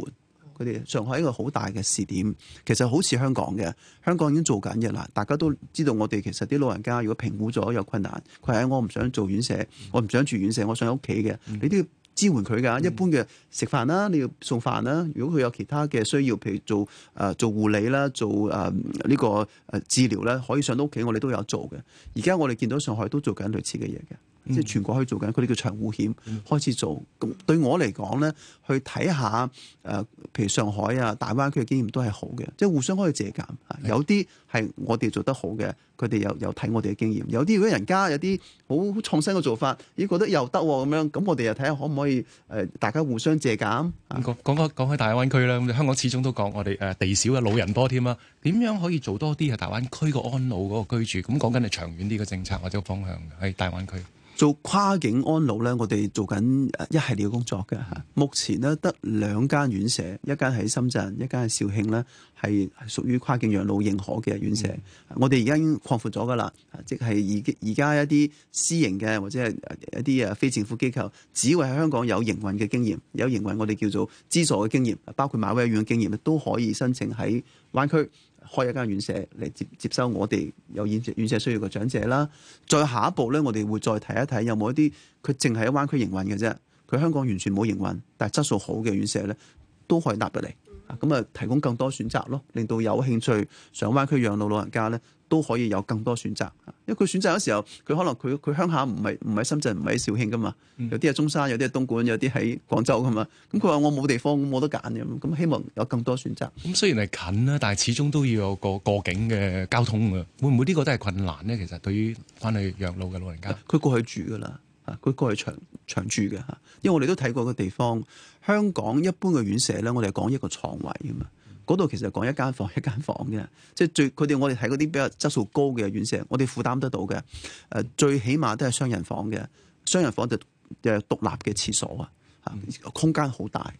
佢哋上海一個好大嘅試點，其實好似香港嘅，香港已經做緊嘅啦。大家都知道我哋其實啲老人家如果評估咗有困難，佢喺我唔想做院舍，嗯、我唔想住院舍，我想喺屋企嘅，你都要。支援佢㗎，一般嘅食飯啦，你要送飯啦。如果佢有其他嘅需要，譬如做誒、呃、做護理啦，做誒呢、呃這個誒、呃、治療咧，可以上到屋企，我哋都有做嘅。而家我哋見到上海都做緊類似嘅嘢嘅。即係、嗯、全國去做緊，佢哋叫長護險，嗯、開始做。咁對我嚟講咧，去睇下誒，譬如上海啊、大灣區嘅經驗都係好嘅，即係互相可以借鑑。嗯、有啲係我哋做得好嘅，佢哋又有睇我哋嘅經驗。有啲如果人家有啲好創新嘅做法，咦覺得又得咁樣，咁我哋又睇下可唔可以誒、呃，大家互相借鑒，啊。講講講開大灣區啦，咁香港始終都講我哋誒地少嘅老人多添啦，點樣可以做多啲啊？大灣區個安老嗰、嗰個居住，咁講緊係長遠啲嘅政策或者方向喺大灣區。做跨境安老咧，我哋做緊一系列嘅工作嘅嚇。目前咧得兩間院舍，一間喺深圳，一間喺肇慶咧，係係屬於跨境養老認可嘅院舍。嗯、我哋而家已經擴闊咗噶啦，即係而而家一啲私營嘅或者係一啲啊非政府機構，只要喺香港有營運嘅經驗，有營運我哋叫做資助嘅經驗，包括馬威院嘅經驗咧都可以申請喺灣區。開一間院舍嚟接接收我哋有院院舍需要嘅長者啦，再下一步咧，我哋會再睇一睇有冇一啲佢淨係喺灣區營運嘅啫，佢香港完全冇營運，但係質素好嘅院舍咧都可以納入嚟，咁啊提供更多選擇咯，令到有興趣上灣區養老老人家咧。都可以有更多選擇，因為佢選擇嘅時候，佢可能佢佢鄉下唔係唔係深圳，唔係肇慶噶嘛，嗯、有啲係中山，有啲係東莞，有啲喺廣州噶嘛。咁佢話我冇地方，咁冇得揀咁。咁希望有更多選擇。咁雖然係近啦，但係始終都要有個過，過境嘅交通啊。會唔會呢個都係困難咧？其實對於翻去養老嘅老人家，佢過去住噶啦，佢過去長長住嘅嚇。因為我哋都睇過個地方，香港一般嘅院舍咧，我哋講一個床位啊嘛。嗰度其實講一間房一間房嘅，即係最佢哋我哋睇嗰啲比較質素高嘅院舍，我哋負擔得到嘅。誒，最起碼都係雙人房嘅，雙人房就誒獨立嘅廁所啊，嚇空間好大。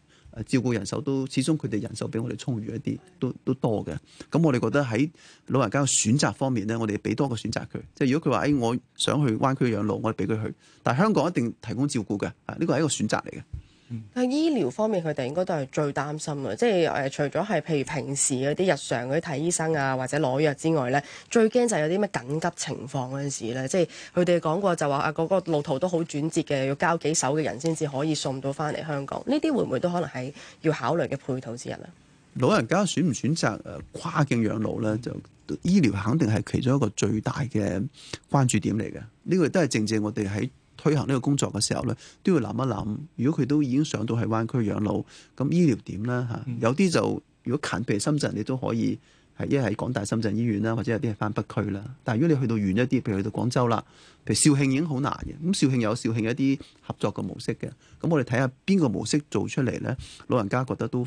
誒，照顧人手都始終佢哋人手比我哋充裕一啲，都都多嘅。咁我哋覺得喺老人家嘅選擇方面咧，我哋俾多個選擇佢。即係如果佢話誒，我想去灣區養老，我哋俾佢去。但係香港一定提供照顧嘅，啊，呢個係一個選擇嚟嘅。但係醫療方面，佢哋應該都係最擔心嘅，即係誒、呃、除咗係譬如平時嗰啲日常嗰啲睇醫生啊，或者攞藥之外咧，最驚就係有啲咩緊急情況嗰陣時咧，即係佢哋講過就話啊，嗰個，個路途都好轉折嘅，要交幾手嘅人先至可以送到翻嚟香港。呢啲會唔會都可能係要考慮嘅配套之一咧？老人家選唔選擇誒、呃、跨境養老咧？就醫療肯定係其中一個最大嘅關注點嚟嘅。呢、呢個都係正正我哋喺。推行呢個工作嘅時候呢，都要諗一諗。如果佢都已經上到係灣區養老，咁醫療點咧嚇？嗯、有啲就如果近譬如深圳，你都可以係一係港大深圳醫院啦，或者有啲係返北區啦。但係如果你去到遠一啲，譬如去到廣州啦，譬如肇慶已經好難嘅。咁肇慶有肇慶一啲合作嘅模式嘅。咁我哋睇下邊個模式做出嚟呢？老人家覺得都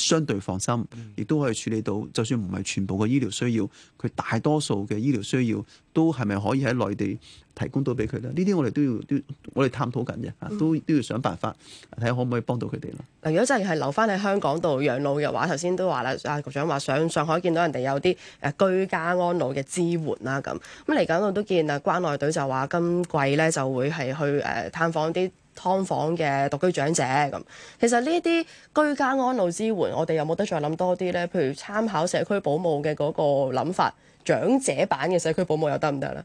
相對放心，亦都可以處理到。就算唔係全部嘅醫療需要，佢大多數嘅醫療需要都係咪可以喺內地提供到俾佢咧？呢啲我哋都要，都我哋探討緊嘅，啊，都都要想辦法睇下可唔可以幫到佢哋咯。嗱，如果真係係留翻喺香港度養老嘅話，頭先都話啦，啊局長話上上海見到人哋有啲誒居家安老嘅支援啦咁。咁嚟緊我都見啊關愛隊就話今季咧就會係去誒探訪啲劏房嘅獨居長者咁，其實呢啲居家安老支援，我哋有冇得再諗多啲呢？譬如參考社區保姆嘅嗰個諗法，長者版嘅社區保姆有得唔得呢？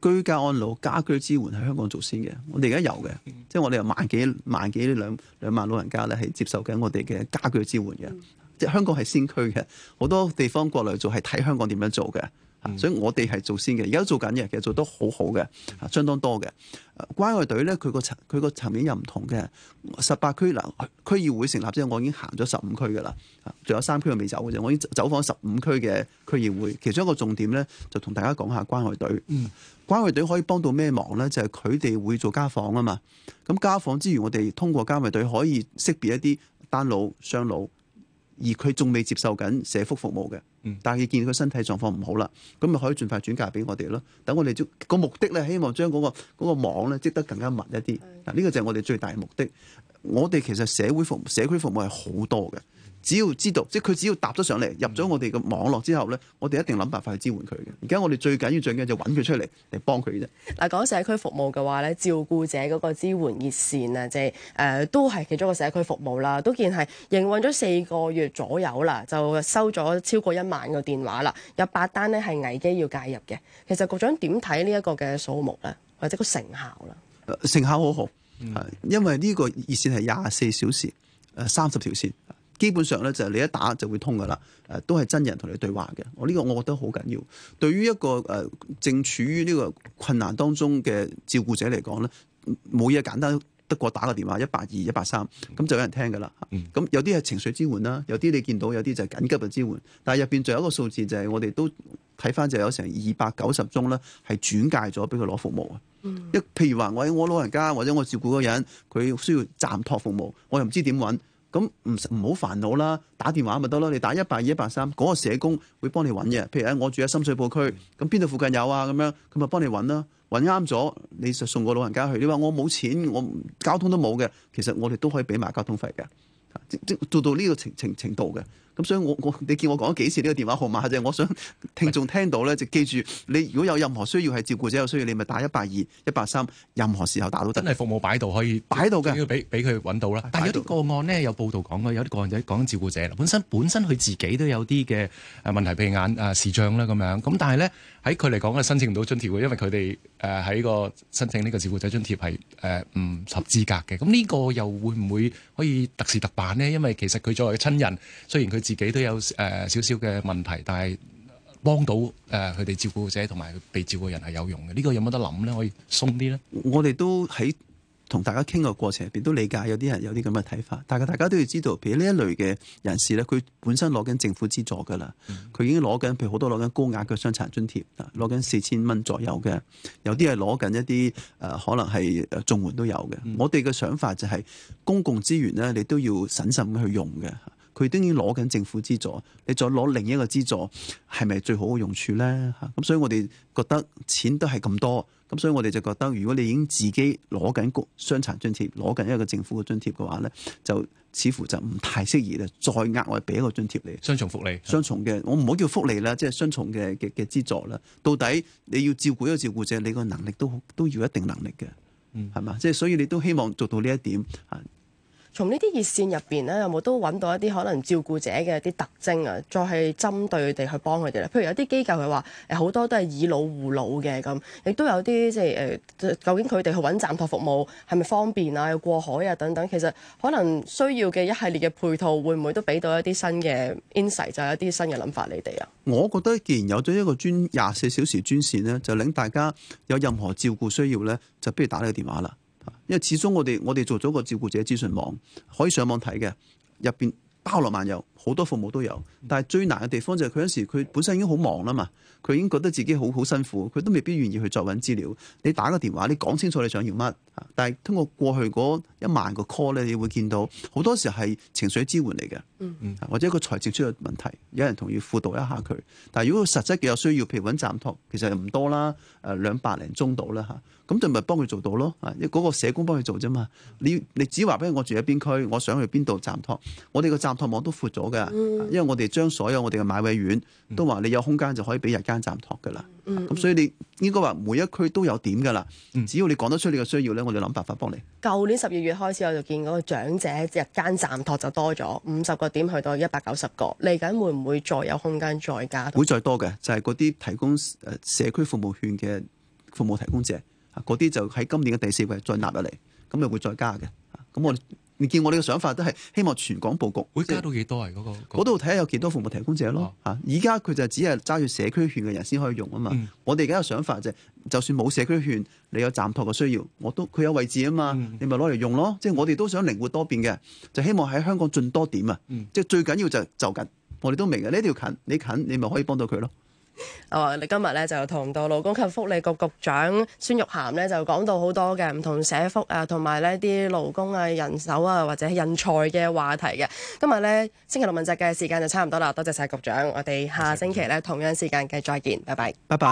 居家安老家居支援喺香港做先嘅，我哋而家有嘅，即係我哋有萬幾萬幾呢兩兩萬老人家呢，係接受緊我哋嘅家居支援嘅，嗯、即係香港係先驅嘅，好多地方過嚟做係睇香港點樣做嘅。所以我哋係做先嘅，而家做緊嘅，其實做得好好嘅，啊，相當多嘅。關愛隊咧，佢個層佢個層面又唔同嘅。十八區嗱，區議會成立之後，我已經行咗十五區嘅啦，仲有三區未走嘅啫。我已經走訪十五區嘅區議會，其中一個重點咧，就同大家講下關愛隊。嗯，關愛隊可以幫到咩忙咧？就係佢哋會做家訪啊嘛。咁家訪之餘，我哋通過關愛隊可以識別一啲單老、雙老。而佢仲未接受緊社福服務嘅，但係佢見佢身體狀況唔好啦，咁咪可以盡快轉介俾我哋咯。等我哋就、嗰個目的咧，希望將嗰、嗰個嗰、嗰個、網咧積得更加密一啲。嗱，呢個就係我哋最大嘅目的。我哋其實社會服社區服務係好多嘅。只要知道，即係佢只要搭咗上嚟，入咗我哋嘅網絡之後呢，我哋一定諗辦法去支援佢嘅。而家我哋最緊要、最緊要就揾佢出嚟嚟幫佢啫。嗱，講社區服務嘅話呢，照顧者嗰個支援熱線啊，即係、呃、都係其中一個社區服務啦，都見係營運咗四個月左右啦，就收咗超過一萬個電話啦，有八單呢係危機要介入嘅。其實局長點睇呢一個嘅數目呢？或者個成效啦？呃、成效好好，嗯、因為呢個熱線係廿四小時，呃、三十條線。基本上咧就係你一打就會通噶啦，誒都係真人同你對話嘅。我呢個我覺得好緊要。對於一個誒正處於呢個困難當中嘅照顧者嚟講咧，冇嘢簡單得過打個電話一八二一八三，咁就有人聽噶啦。咁有啲係情緒支援啦，有啲你見到有啲就緊急嘅支援。但係入邊仲有一個數字就係，我哋都睇翻就有成二百九十宗啦，係轉介咗俾佢攞服務啊。一譬如話喂，我老人家或者我照顧嗰個人佢需要暫託服務，我又唔知點揾。咁唔，唔好煩惱啦，打電話咪得咯。你打一八二一八三，嗰個社工會幫你揾嘅。譬如啊，我住喺深水埗區，咁邊度附近有啊，咁樣，佢咪幫你揾啦。揾啱咗，你就送個老人家去。你話我冇錢，我交通都冇嘅，其實我哋都可以俾埋交通費嘅。即即做到呢個程程程度嘅。咁所以我我你見我講幾次呢個電話號碼啫，我想聽眾聽到咧就記住，你如果有任何需要係照顧者有需要，你咪打一八二一八三，任何時候打都得。真係服務擺度可以擺度嘅，要俾俾佢揾到啦。到但係有啲個案咧有報道講嘅，有啲個案就者講照顧者啦，本身本身佢自己都有啲嘅問題，譬如眼啊視障啦咁樣，咁但係咧。喺佢嚟講，係申請唔到津貼嘅，因為佢哋誒喺個申請呢個照顧者津貼係誒唔合資格嘅。咁、嗯、呢個又會唔會可以特事特辦呢？因為其實佢作為親人，雖然佢自己都有誒少少嘅問題，但係幫到誒佢哋照顧者同埋被照顧人係有用嘅。呢個有冇得諗呢？可以鬆啲呢？我哋都喺，同大家傾嘅過,過程入邊，都理解有啲人有啲咁嘅睇法。但係大家都要知道，譬如呢一類嘅人士咧，佢本身攞緊政府資助嘅啦，佢、嗯、已經攞緊，譬如好多攞緊高額嘅傷殘津貼，攞緊四千蚊左右嘅，有啲係攞緊一啲誒、呃，可能係綜援都有嘅。嗯、我哋嘅想法就係、是、公共資源咧，你都要審慎咁去用嘅。佢都已經攞緊政府資助，你再攞另一個資助，係咪最好嘅用處咧？咁所以我哋覺得錢都係咁多。咁所以我哋就覺得，如果你已經自己攞緊個傷殘津貼，攞緊一個政府嘅津貼嘅話咧，就似乎就唔太適宜咧，再額外俾一個津貼你。雙重福利，雙重嘅，我唔好叫福利啦，即係雙重嘅嘅嘅資助啦。到底你要照顧一個照顧者，你個能力都都要一定能力嘅，嗯，係嘛？即係所以你都希望做到呢一點啊。從呢啲熱線入邊咧，有冇都揾到一啲可能照顧者嘅一啲特徵啊？再係針對佢哋去幫佢哋咧。譬如有啲機構佢話誒，好、呃、多都係以老護老嘅咁，亦都有啲即係誒，究竟佢哋去揾暫托服務係咪方便啊？要過海啊等等，其實可能需要嘅一系列嘅配套，會唔會都俾到一啲新嘅 insight 就係一啲新嘅諗法你，你哋啊？我覺得既然有咗一個專廿四小時專線呢，就令大家有任何照顧需要呢，就不如打呢個電話啦。因為始終我哋我哋做咗個照顧者資訊網，可以上網睇嘅，入邊包羅萬有。好多服務都有，但係最難嘅地方就係佢有陣時佢本身已經好忙啦嘛，佢已經覺得自己好好辛苦，佢都未必願意去再揾資料。你打個電話，你講清楚你想要乜，但係通過過去嗰一萬個 call 你會見到好多時係情緒支援嚟嘅，或者個財政出咗問題，有人同意輔導一下佢。但係如果實質嘅有需要，譬如揾暫託，其實唔多啦，誒兩百零宗到啦嚇，咁就咪幫佢做到咯，嗰、嗰個社工幫佢做啫嘛。你你只話俾我住喺邊區，我想去邊度暫託，我哋個暫託網都闊咗。嗯、因為我哋將所有我哋嘅買位員都話，你有空間就可以俾日間暫託嘅啦。咁、嗯嗯、所以你應該話每一區都有點噶啦。嗯、只要你講得出你嘅需要呢，我就諗辦法幫你。舊年十二月，月開始我就見嗰個長者日間暫託就多咗五十個點，去到一百九十個。嚟緊會唔會再有空間再加？會再多嘅，就係嗰啲提供社區服務券嘅服務提供者，嗰啲就喺今年嘅第四季再納入嚟，咁又會再加嘅。咁我、嗯。你見我哋嘅想法都係希望全港佈局。會加到幾多啊？嗰、就是那個嗰度睇下有幾多服務提供者咯。嚇、啊，而家佢就只係揸住社區券嘅人先可以用啊嘛。嗯、我哋而家嘅想法就係、是，就算冇社區券，你有暫託嘅需要，我都佢有位置啊嘛。你咪攞嚟用咯。嗯、即係我哋都想靈活多變嘅，就希望喺香港進多點啊。嗯、即係最緊要就就近，我哋都明嘅。呢條近，你近你咪可以幫到佢咯。我你、哦、今日咧就同到勞工及福利局局長孫玉菡呢，就講到好多嘅唔同社福啊，同埋呢啲勞工啊、人手啊或者人才嘅話題嘅。今日呢，星期六問責嘅時間就差唔多啦，多謝晒局長，我哋下星期呢，同樣時間繼續再見，拜拜，拜拜。